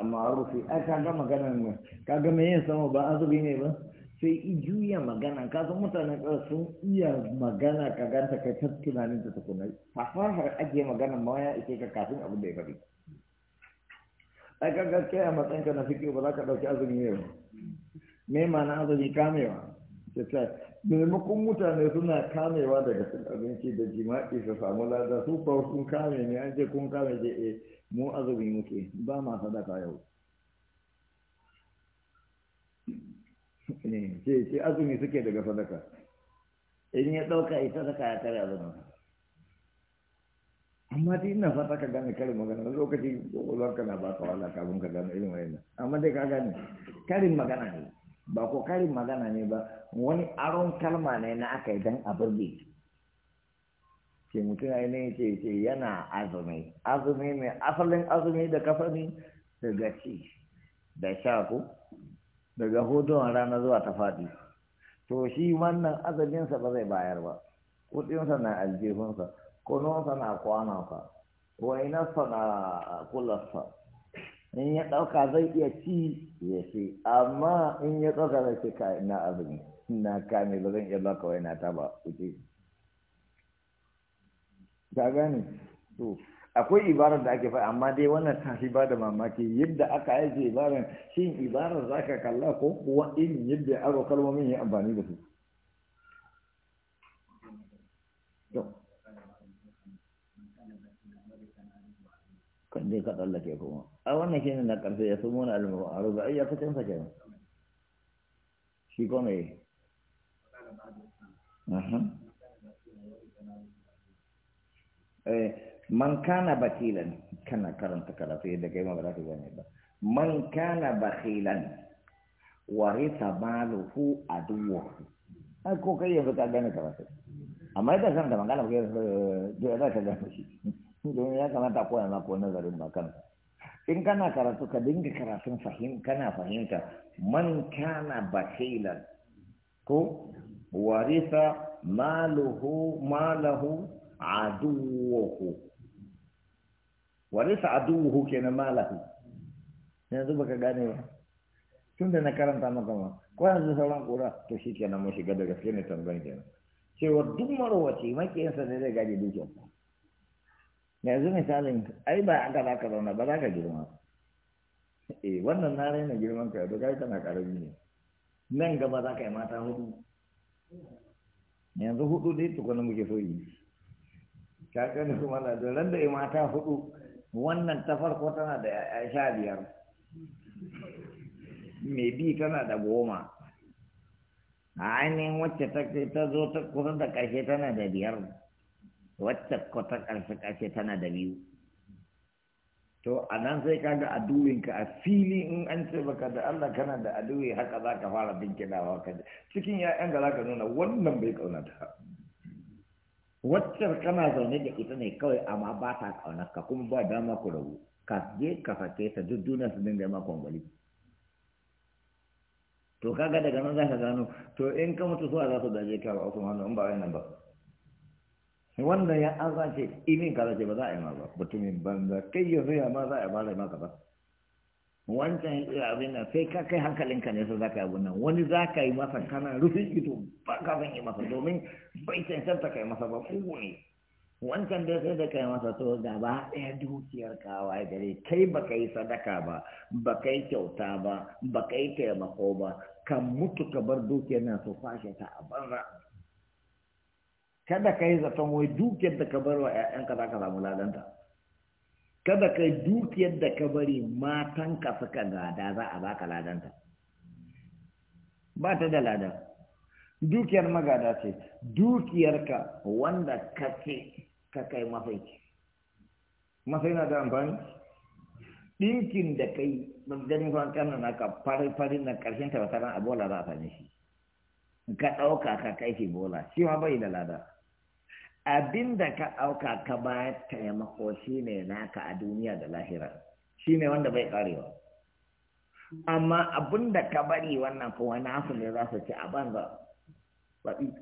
amma rufi ai kaga maganar mu kaga me yin sama ba azubi ne ba sai i juya magana ka san mutanen ƙasa sun iya magana ka ganta kai ta tunanin ta tukuna fasahar ajiye magana ma ya ike ka kafin abin da ya faɗi ai kaga kai a matsayinka na fiƙi ba za ka ɗauki azumi ne ba me ma'ana azumi kamewa maimakon mutane suna kamewa daga cin abinci da jima'i su samu lada su ba sun kame ne an je kun kame je eh mu azumi muke ba ma sadaka yau ce eh, ce azumi suke daga sadaka in ya ɗauka ita sadaka ya kare azumin amma dai ina fata ka gane karin magana wani lokaci kwakwalwar ka na ba ka wala kafin ka gane irin wayannan amma dai ka gane karin magana ne ba ko karin magana ne ba wani aron kalma ne na aka yi don a birge ce mutum ya ne ce ce yana azumi azumi mai asalin azumi da kafani daga ci da shaku, daga hudun rana zuwa ta faɗi to shi wannan azuminsa ba zai bayar ba kudinsa na aljihunsa kunonsa na kwanansa wainarsa na kularsa in ya ɗauka zai iya ci ya ce amma in ya ɗauka zai ce na azumi na kamilu zan iya baka waina ta ba ta gane to akwai ibarar da ake faɗi amma dai wannan ta fi bada mamaki yadda aka aiki ibarar shin ibarar za ka kalla ko kuwa irin yadda aro kalmomin ya amfani da su kan dai ka tsallake kuma a wannan shi ne na ƙarfe ya sumo na alimu a rubu ai ya fi cansa kenan shi kome Eh, man kana batilan kana karanta karatu yadda kai magana ba za ka gane ba man kana bakhilan warisa maluhu aduwwahu ai ko kai yanzu ka gane karatu amma idan san da magana ko da eh, za ka gane shi don ya kamata ko yana ko nazarin ba kan in kana karatu ka dinga karatun fahim kana fahimta man kana bakhilan ko warisa maluhu malahu aduwahu warisa aduwahu kenan malahu yanzu baka gane ba tun da na karanta maka ma ko yanzu sauran kura to shi kenan mun shiga da gaske ne tambayin kenan cewa duk marwaci makiyansa ne zai gaji dukiyarsa yanzu misalin ai ba aka za ka zauna ba za ka girma eh wannan na raina girman ka yanzu kai kana karami ne nan gaba za ka yi mata hudu yanzu hudu dai tukuna muke so yi ka ni kuma na da ran da mata hudu wannan ta farko tana da sha biyar mai bi tana da goma a ainihin wacce ta zo ta kusa da ƙarshe tana da biyar wacce ko ta ƙarshe ƙarshe tana da biyu to a nan sai ka ga aduwinka a fili in an ce baka da Allah kana da aduwi haka za ka fara binkinawa ka cikin ya'yan da za ka nuna wannan bai ƙaunata waccar kana zaune da ita ne kawai amma ba ta kaunar ka kuma ba dama ku rabu ka je ka sake ta duk dunan su dinga ma kwangwali to kaga daga nan za ka gano to in ka mutu zuwa za su da ka ba kuma in ba nan ba wannan ya an zace imin ka zace ba za a yi ma ba mutumin banza kai yanzu ya ma za a yi ma za a yi ma ka ba wancan ya abin nan sai ka kai hankalinka ne sai zaka yi abin nan wani ka yi masa kana rufe ido ba ka zan yi masa domin bai ta kai masa ba kugu ne wancan da sai da kai masa to gaba ɗaya dukiyar kawa gare kai ba ka yi sadaka ba ba ka yi kyauta ba ba ka yi taimako ba kan mutu ka bar dukiyar nan su fashe ta a banza kada ka yi zaton wai dukiyar da ka bar wa 'ya'yanka za ka samu ladanta kada ka dukiyar da ka bari matanka suka gada za a baka ladanta ba ta da lada dukiyar magada ce dukiyarka wanda ka ce ka kai masai mafai na da amfani ɗinkin da kai ganin kwan na ka fari-fari na ƙarshen tabbatar abuwa za a same shi ka ɗauka ka kai shi bola shi ma bai da lada abin da ka ɗauka ka bayar taimako shi ne naka a duniya da lahira shi ne wanda bai ƙarewa amma abin da ka bari wannan kuma su ne za su ci a banza baɗi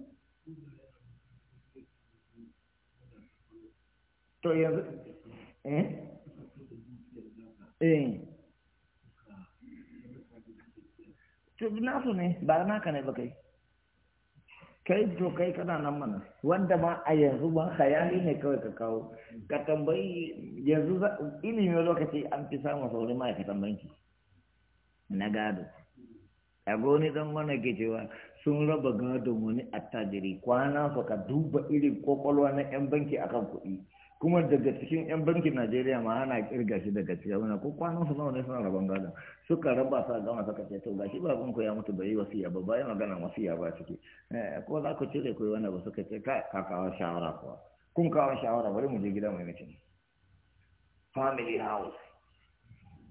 to yanzu eh eh to nasu ne ba naka ne ba kai kai to kai kana nan mana wanda ma a yanzu ban hayali ne kawai ka kawo ka tambayi yanzu ilimin lokaci an fi samun saurin ma'aikatan banki na gado a goni dan mana ke cewa sun raba gado wani attajiri kwana su ka duba irin kwakwalwa na yan banki akan kuɗi kuma daga cikin 'yan bankin najeriya ma ana kirga shi daga cikin wani ko kwanan su nawa ne suna rabon gada suka raba sa gama suka ce to gashi baban ku ya mutu bai yi wasiya ba bayan magana wasiya ba ciki eh, ko za ku cire ku wanda ba suka ce ka kawo shawara kuwa kun kawo shawara bari mu je gida mai mutum family house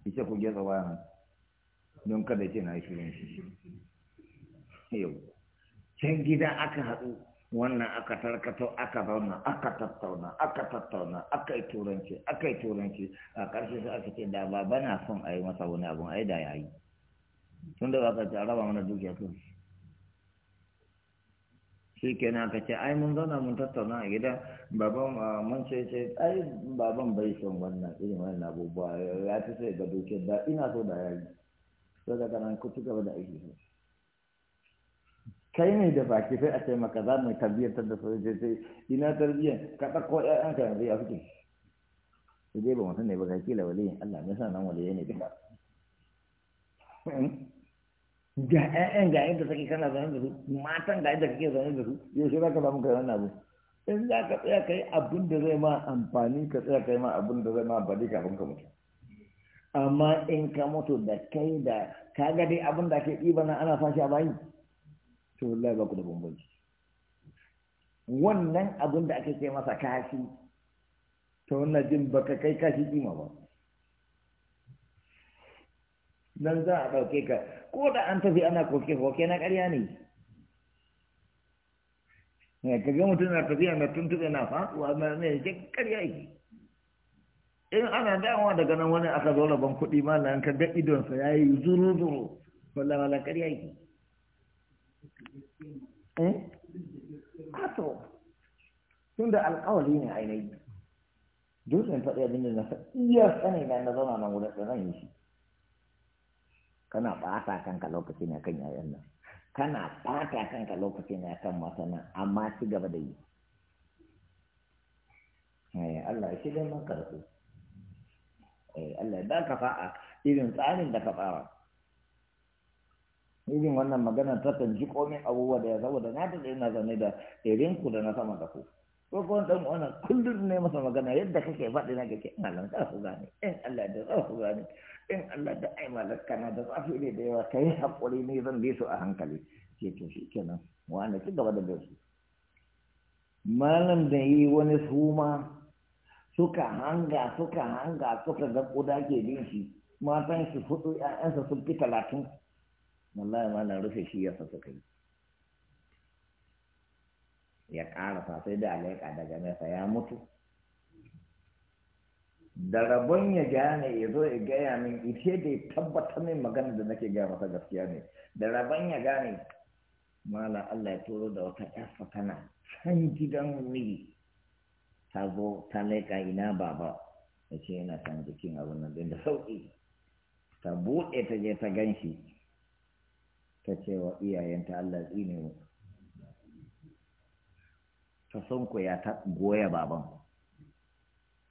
ita ku geza bayan don kada ce na yi shirin shi yau can gida aka haɗu wannan aka tarkato aka zauna aka tattauna aka tattauna aka yi turanci aka yi turanci a ƙarshe sai aka ce da ba bana son a yi masa wani abun ai da yayi tun da ba ka raba mana dukiya kan shi kenan aka ce ai mun zauna mun tattauna a gida baban mun ce ce ai baban bai son wannan irin wannan abubuwa ya fi sai ga dukiyar da ina so da yayi sai daga nan ku ci gaba da aiki sosai kai ne da baki sai a ce maka za mu tarbiyyantar da sojoji sai ina tarbiyyar ka ɗauko ka yanzu ya suke sai dai ba mutum ne ba ka kila waliyin Allah ne sanan waliyai ne duka hmm? ga ‘ya’yan ga yadda take kana zane da su matan ga yadda kake zaune da su yau shi ka samu kai wannan abu in za ka tsaya kai abin da zai ma amfani ka tsaya kai ma abin da zai ma bari kafin ka mutu amma in ka mutu da kai da ka ga dai abin da ke ɗiba na ana sashi a bayi to wallahi ba ku da bambanci wannan abin da ake ce masa kashi to wannan jin baka kai kashi kima ba nan za a ɗauke ka ko da an tafi ana koke-koke na ƙarya ne eh, ka ga mutum na tafiya na tuntuɓe na faɗuwa na ne ke ƙarya yake in ana damuwa daga nan wani aka zo rabon kuɗi ma na ka ga idonsa ya yi zuru-zuru wala wala ƙarya yake eh ato tunda alƙawari ne ainihi dutsen faɗi abin da na faɗi iya sani na na zama nan wurin zan yi shi kana ɓata kanka lokaci ne kan yayan nan kana ɓata kanka lokaci ne kan nan amma ci gaba da yi eh, Allah ya dai maka da su eh Allah ya baka fa'a irin tsarin da ka fara irin wannan magana ta kan ji komai abubuwa da ya da na da na zane da irin ku da na sama da ku ko ko ɗan wannan kullum ne masa magana yadda kake faɗi na kake ina nan za ku gane in Allah da za ku gane in Allah da ai malaka na da zafi ne da yawa kai hakuri ne zan bi su a hankali ke to a wanda ci gaba da su malam da yi wani suma suka hanga suka hanga suka ga kuda ke bin shi matan shi hudu ƴaƴansa sun fi talatin wallahi na rufe shi ya fasa kai. ya ƙara sai da alaƙa daga nesa ya mutu da rabon ya gane ya zo ya gaya min ita da ya tabbata min magana da nake gaya masa gaskiya ne da rabon ya gane mala Allah ya turo da wata yafa tana can gidan miji ta zo ta leƙa ina baba ya ce yana can jikin abin nan da sauƙi ta buɗe ta je ta gan shi ta wa iyayenta Allah tsine mu ta ku ya ta goya baban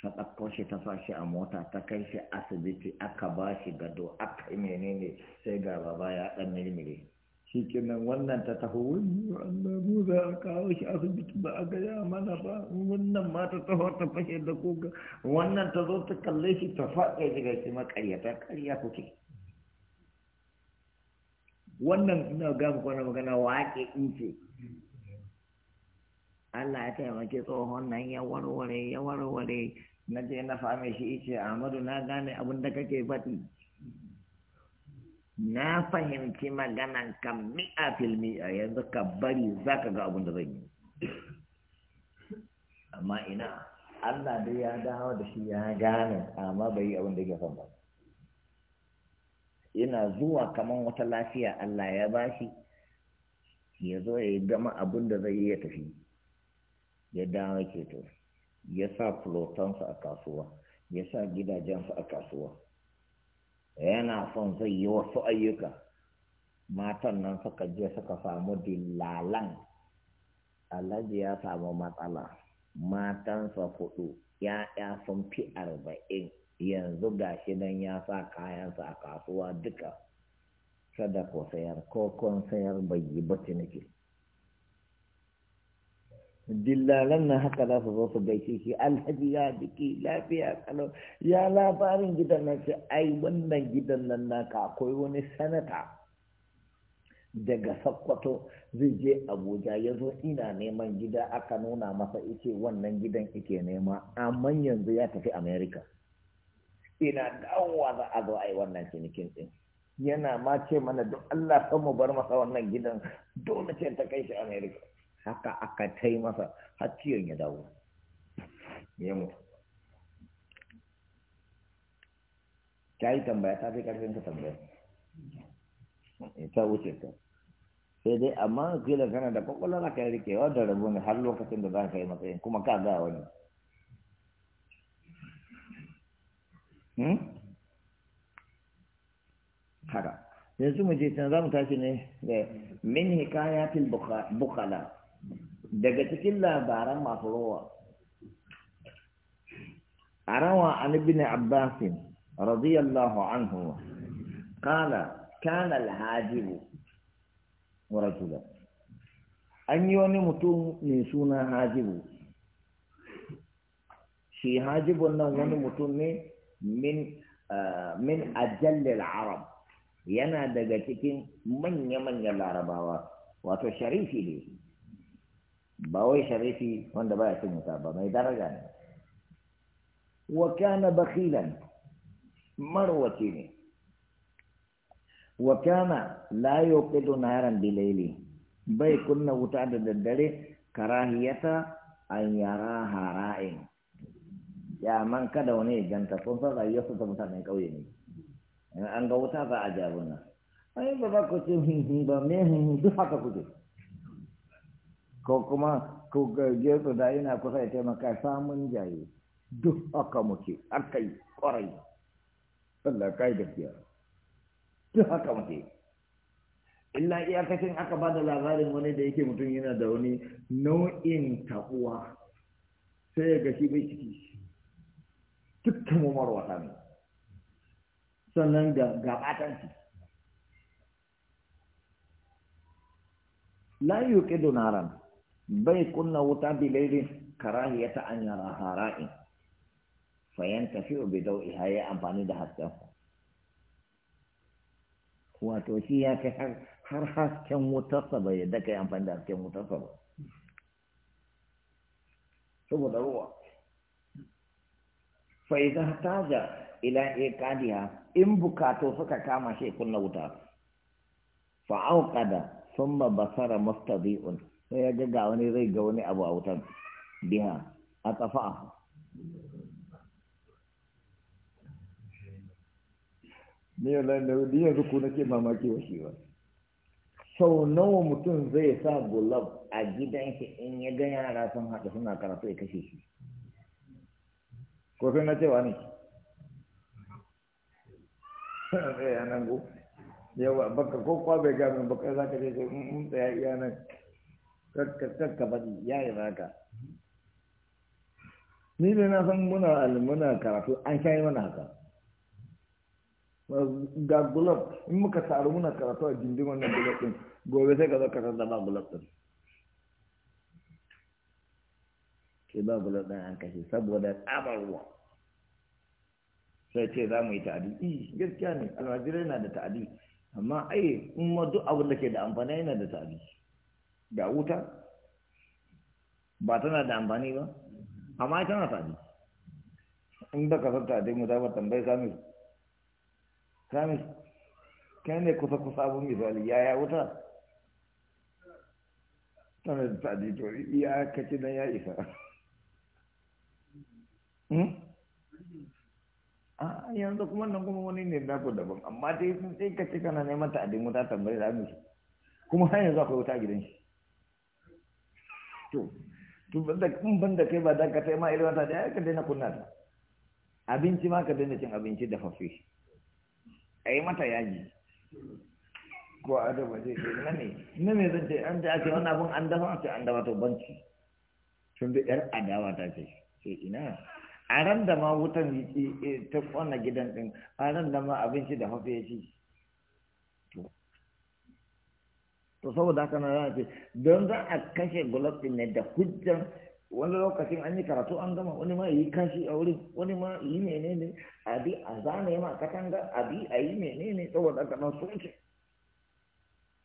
ta ɗauko shi ta sa shi a mota ta kai shi asibiti aka ba shi gado aka menene sai ga baba ya ɗan mirmire shi kenan wannan ta taho wani Allah mu za a kawo shi asibiti ba a gaya mana ba wannan ma ta taho ta fashe da koga wannan ta zo ta kalle shi ta faɗa daga shi ta karya kuke wannan ina ga ku wannan magana ake in ce Allah ya taimake tsohon nan ya warware ya warware na je na fame shi ice Ahmadu na gane abin da kake faɗi na fahimci maganan ka mi'a filmi a yanzu ka bari za ka ga abin da zan yi amma ina Allah dai ya dawo da shi ya gane amma bai yi abin da ya son ba yana zuwa kamar wata lafiya Allah ya bashi ya zo ya gama abin da zai iya tafi ya dawo keto ya sa fulotansu a kasuwa ya sa gidajensu a kasuwa yana son zai yi wasu ayyuka matan nan suka je suka samu dillalan alhaji ya samu matsala matansa hudu ya'ya sun fi arba'in yanzu ga shi nan ya sa kayansa a kasuwa duka kada ko sayar ko kon sayar bai yi ba ciniki dillalan na haka za su zo su gaishe shi alhaji ya biki lafiya kalau ya labarin gidan nan ce ai wannan gidan nan naka akwai wani sanata daga sakkwato zai je abuja ya zo ina neman gida aka nuna masa ice wannan gidan ike nema amma yanzu ya tafi america ina dawowa za a zo a yi wannan cinikin din yana ma ce mana don Allah san mu bar masa wannan gidan dole ce ta kai shi America haka aka tai masa har ciwon ya dawo ya mutu ta yi tambaya ta fi karfin ka tambaya eh, ta wuce ta sai dai amma kila kana da kwakwalwa ka yi rikewa da rabu har lokacin da za ka yi matsayin kuma ka ga wani Hmm? haka yanzu mu je can za mu tashi ne da min hikayatil bukala daga cikin labaran masu rawa a rawa an ibn abbasin radiyallahu anhu kana kana al-hajib rajula an yi wani mutum mai suna hajibu shi hajibun nan wani mutum ne min ah, min ajallil arab yana daga cikin manya-manyan larabawa wato sharifi ne ba wai sharifi wanda ba ya cin wuta ba mai daraja ne wa kana bakhilan marwaci ne wa kana la yuqidu naran bilayli bai kunna wuta da daddare karahiyata an yara hara'in ya man kada wani ya ganta kun san su ta mutanen ƙauye ne an ga wuta za a ja bana ai ba za ku ce hinhin ba me duk haka kuke ko kuma ku gaje su da ina kusa ya taimaka samun jaye duk haka muke aka yi ƙwarai Allah kai da biya duk haka muke illa iyakacin aka ba da labarin wani da yake mutum yana da wani nau'in tabuwa sai ya gashi bai ciki dukkan mu marwata ne sannan ga gabatanci la yuqidu naran bai kunna wuta bi laylin karahiyata an yara hara'in fa yantafi bi dawiha ya amfani da hasken wato shi ya kai har har hasken wutarsa bai yadda kai amfani da hasken wutarsa ba saboda ruwa fa idan taja ila in bukato suka kama shi kunna wuta fa auqada thumma basara mustadi'un sai ya ga wani zai ga wani abu a wutan biha atafa ne yana da wani yanzu nake mamaki wa shi ba sau nawa mutum zai sa gulab a gidan shi in ya ga yara sun haɗu suna karatu ya kashe shi ko sai na cewa ne Eh anan ku. Ya yawa baka ko kwa bai ga mun baka za ka je sai in tsaya iya nan kakka kakka bari ya yi baka. ni ne na san muna muna karatu an shayi mana haka ga gulab in muka taru muna karatu a jindin wannan gulab din gobe sai ka zo ka san da ba gulab din sai ba bulo ɗin an kashe saboda tsabar ruwa sai ce za mu yi ta'adi eh gaskiya ne almajirai na da ta'adi amma ai in ma duk abin da ke da amfani yana da ta'adi ga wuta ba tana da amfani ba amma tana ta'adi in da ka san ta'adi mu za mu tambayi samis samis kai ne kusa kusa abin misali yaya wuta tana da ta'adi to iya kaci dan ya isa Hmm? Ah, yanzu kuma nan kuma wani ne da ku daban amma dai sun sai ka ce kana mata ta adin wuta tambayi da mu kuma har yanzu akwai wuta gidan shi to to banda kun banda kai ba dan ka tai ma irin ta da ka daina kunna ta abinci ma ka daina cin abinci da fafe yi mata yaji ko a da waje na ne na me zan ce an da ake wannan abun an dafa ce an dafa to banci tun da yar adawa ta ce sai ina a ran da ma wutan eh, ta kwana gidan din a ran da ma abinci da hafi ya ci to saboda haka na rana ce don za a kashe gulab din ne da hujjan wani lokacin an yi karatu an gama wani ma yi kashi a wurin wani ma yi menene a bi a zane ma katanga a bi a yi menene saboda haka nan sun ce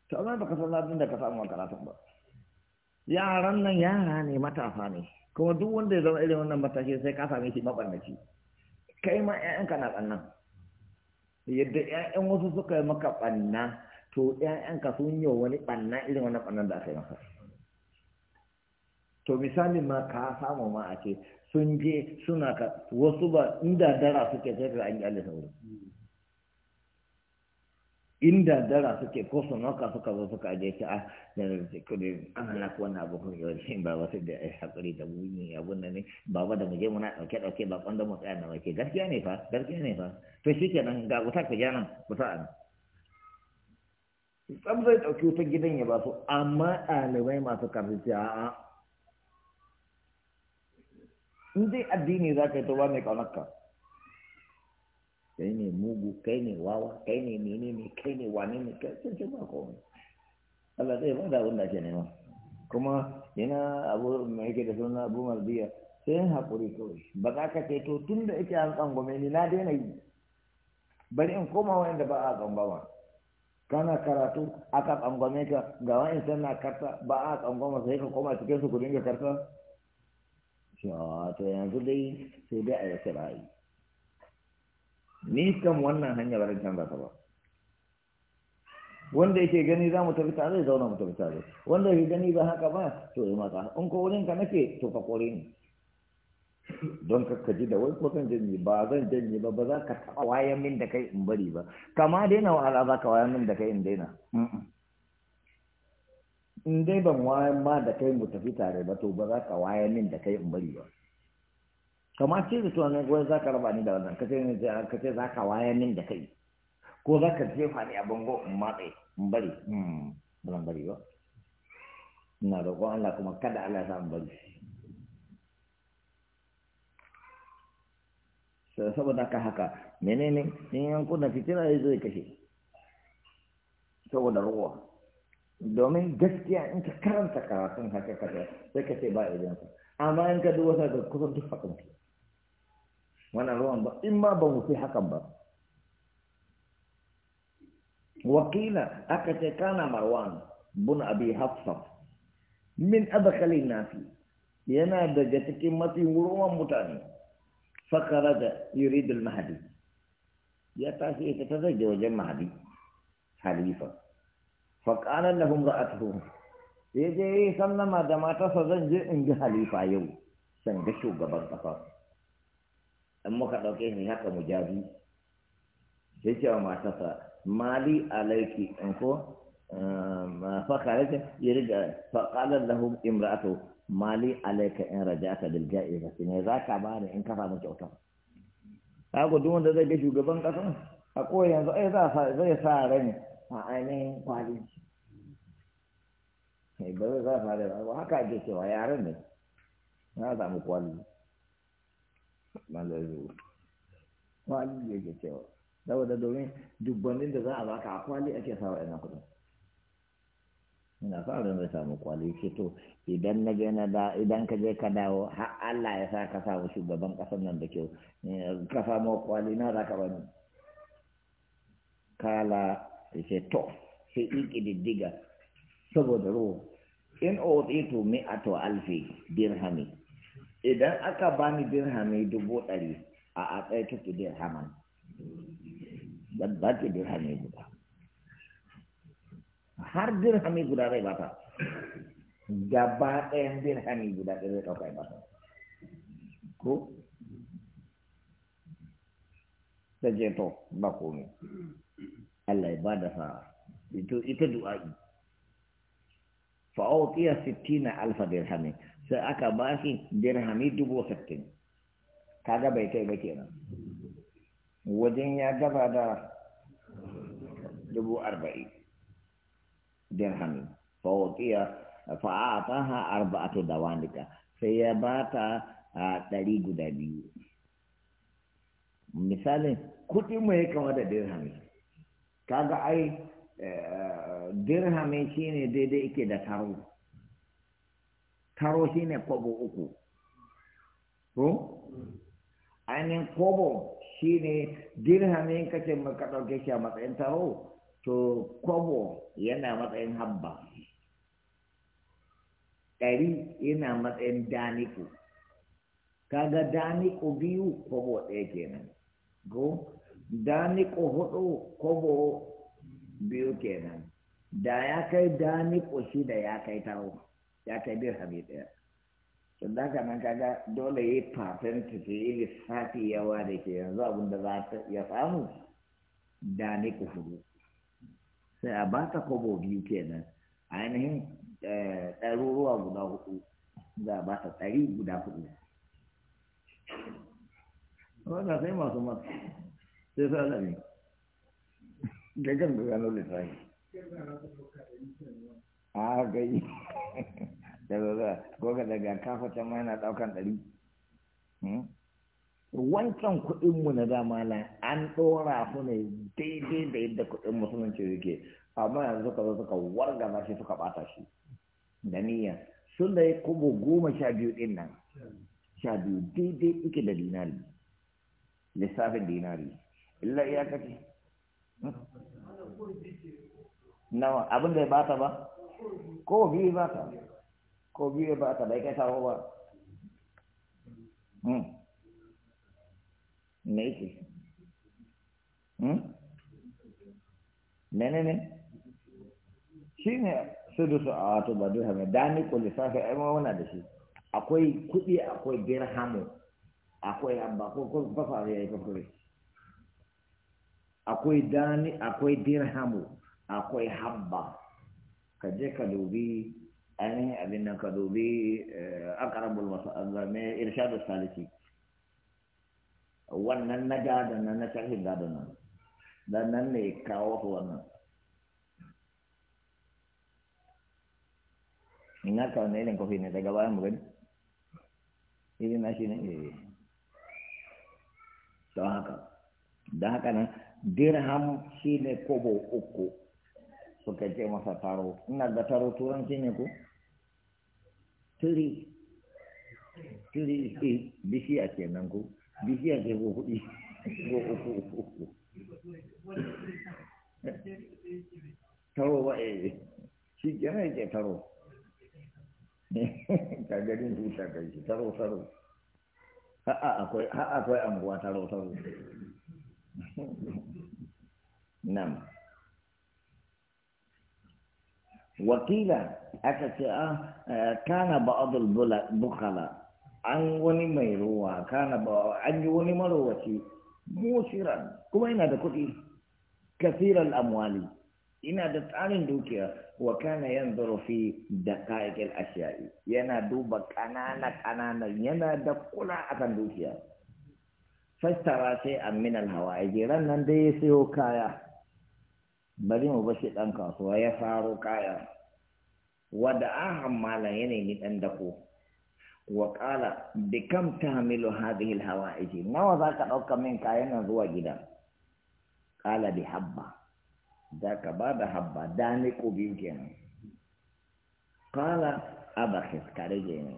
to amma baka san abin da ka samu a karatun ba yaran nan yara ne matafa ne kuma duk wanda ya zama irin wannan matashi sai ka same shi mabarnaci kai ma ƴaƴanka na ɓannan yadda ƴaƴan wasu suka yi maka ɓanna to ka sun yi wani ɓanna irin wannan ɓannan da aka yi maka to misalin ma ka samu ma a ce sun je suna ka wasu ba inda dara suke sai ka an yi alisa wurin inda dara suke ko su maka suka zo suka je ta a da da ana na ko na abu kun yau ba wasu da ai hakuri da muni ya nan ne baba da muje muna dauke dauke ba kwanda mu tsaya na wake gaskiya ne fa gaskiya ne fa to nan ga wuta ka jana wuta an tsam zai dauki wutar gidan ya ba su amma ɗalibai masu karfi a in dai addini za ka yi to ba mai ka. kai ne mugu kai ne wawa kai ne mene ne kai ne wane ne kai sun ce ba komai Allah zai bada abin da ake nema kuma yana abu mai yake da suna abu malbiya sai yin haƙuri kawai ba za ka ce to tun da yake an gome ni na daina yi bari in koma wanda ba a tsangwama kana karatu aka tsangwame ka ga wa'in sana karta ba a tsangwama sai ka koma cikin su ku dinga karta to yanzu dai sai dai a yi ra'ayi ni kan wannan hanya ba canza ta ba wanda yake gani za mu tafi tare zauna mu tafi tare wanda yake gani ba haka ba to yi mata in ko wurin ka nake to fa kore ni don ka ji da wai ko zan janye ba zan janye ba ba za ka taɓa wayan min da kai in bari ba kama daina wahala za ka wayan min da kai in daina in dai ban wayan ma da kai mu tafi tare ba to ba za ka wayan min da kai in bari ba kamar ce da ne gwai za ka raba ni da wannan ka ce za ka waya min da kai ko za ka jefa ni a bango in matsayi in bari hmm, ba bari ba ina kuma Allah kuma kada Allah ya samu bari saboda ka haka menene in na fitina ya zai kashe saboda ruwa domin gaskiya in ka karanta karatun haka kada sai ka ce ba idan amma in ka duba da kusan duk wannan ruwan ba in ma ba mu fi hakan ba wakila aka ce kana marwan bun abi hafsaf min adakalin nafi yana daga cikin mafi ruwan mutane fakara da yuridul mahadi ya tashi ita ta zage wajen mahadi halifa faƙanar lahum ra'atuhu sai je yi sallama da matarsa zan je in ji halifa yau san ga shugaban ƙasa in muka ɗauke shi haka mu jabi sai cewa matarsa mali alaiki in ko ehm, fakarata ya riga faƙalar lahu imra'atu mali alaika in raja'ata bil ja'izati ne za ka bani in kafa mu kyauta kaga duk wanda zai ga shugaban ƙasa a ko yanzu ai eh, za zai sa ran a ainihin kwali eh, ba zai sa ran haka ake cewa yaran ne na samu kwali malaru kwali da cewa saboda domin dubbanin da za a baka a kwali ake sawa ina kudin ina fara zai samu kwali ce to idan na je na da idan ka je ka dawo har Allah ya sa ka samu shugaban kasar nan da kyau ka samu kwali na za ka bani kala ce to sai iki diddiga saboda ruwa in a to alfi dirhami idan aka bani dirhami dubu ɗari a a tsaye take dirhaman ban ba ki dirhami guda har dirhami guda zai bata gaba ɗaya dirhami guda ɗaya zai ɗauka bata ko ta je to ba komai Allah ya bada sa ita du'a'i fa'autiya sittina alfa dirhamin sai aka ba shi dirhami dubu sittin ga bai kai ba kenan wajen ya gaba da dubu arba'in dirhami fawaƙiya to arba'atu wanika sai ya ba ta a ɗari guda biyu misalin kuɗi mai kama da dirhami ga ai eh, dirhami ne daidai ike da taro taro shi ne kobo uku To? ainihin kobo shi ne dirhamin kace maka ɗauke shi a matsayin taro to kobo yana matsayin habba ɗari yana matsayin daniku kaga daniku biyu kobo ɗaya kenan go daniku hudu kobo biyu kenan da ya kai daniku shida ya kai taro ya kai dirhami ɗaya to da haka nan kaga dole ya yi fatan ta yi lissafi yawa da ke yanzu abin da za ta ya samu da ne ku hudu sai a ba ta kobo biyu kenan ainihin eh, ɗaruruwa guda hudu za a ba ta ɗari guda hudu wanda sai masu masu sai sa zami da kan gano lissafi a gai daga goga daga kafa can ma yana daukan ɗari hmm? wancan kuɗinmu na dama na an ɗora su ne daidai da yadda kuɗin musulunci yake amma yanzu suka zo suka wargaza shi suka bata shi da niyya sun da kubo goma sha biyu ɗin nan sha biyu daidai ike da dinari lissafin dinari illa ya kace hmm? nawa abin da ya bata ba ko biyu bata ko biyu ba ka bai kai sabo ba hmm. me yake hmm? mene ne shi ne sudusu a wato ba dirham da ni ko lissafi ai ma wana da akwai kuɗi akwai dirhamu akwai abba ko ko fafa akwai dani akwai dirhamu akwai habba ka je ka dubi يعني أنا أبن كذوبي آه، أقرب المصادر آه، من إرشاد الثالثي وأن النجاة أن نشرح دادنا لأن النجاة وطولنا إنها كان نيلين كوفي نتا جبا مغن إذن ماشي نيلين دهكا دهكا نا درهم سيني كوبو أكو سوكتي مصادر إنها دفتر تورن سيني كوبو tiri tiri bishiya ko bishiya ke uku uku uku taro ba eh, shi kenan yake taro ka huta kai shi taro taro ha'a akwai ha'a akwai anguwa taro taro nam wakila aka ce a ah, eh, kana ba'adul bukala an wani mai ruwa kana ba an yi wani marowaci musiran kuma ina da kuɗi kasiran amwali ina da tsarin dukiya wa kana zarafi fi daqa'iqil ashiya'i yana duba kanana ƙananan. yana da kula kan dukiya fastara sai an hawa hawa. hawaiji ran nan dai ya sayo kaya bari mu bashi ɗan kasuwa ya faro kaya wadda ahan malam ya nemi ɗan dako wa ƙala bi kam ta hamilu hadhihi alhawa'iji nawa za ka ɗauka min kayan nan zuwa gida ƙala bi habba za ka ba da habba da ni ko biyu kenan ƙala abakis ka rage ne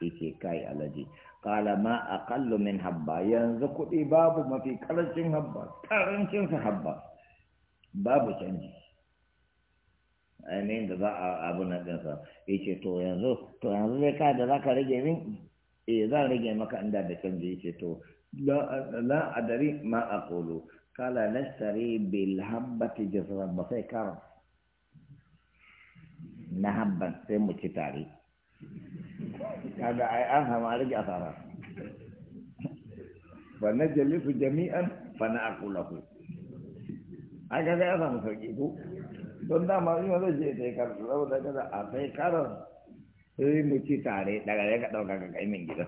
yake kai alaji ƙala ma a aƙallu min habba yanzu kuɗi babu mafi ƙarancin habba ƙarancinsa habba babu canji ainihin da za a abu na ɗinsa ya ce to yanzu to yanzu zai ka da za ka rage min eh za a rage maka inda da canji ya ce to la adari ma a kolo kala lastari bil habbati jazra ba sai kara na habban sai mu ci tare kaga ai an hama rage asara fa jalifu jami'an fa na aqulahu aka ga ya samu sauki ko don dama ina zai je ta yi karatu saboda kada a sai karar sai mu ci tare daga ya ka ɗauka ka kai gida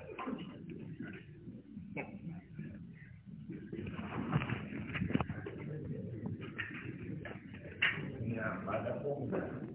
Yeah,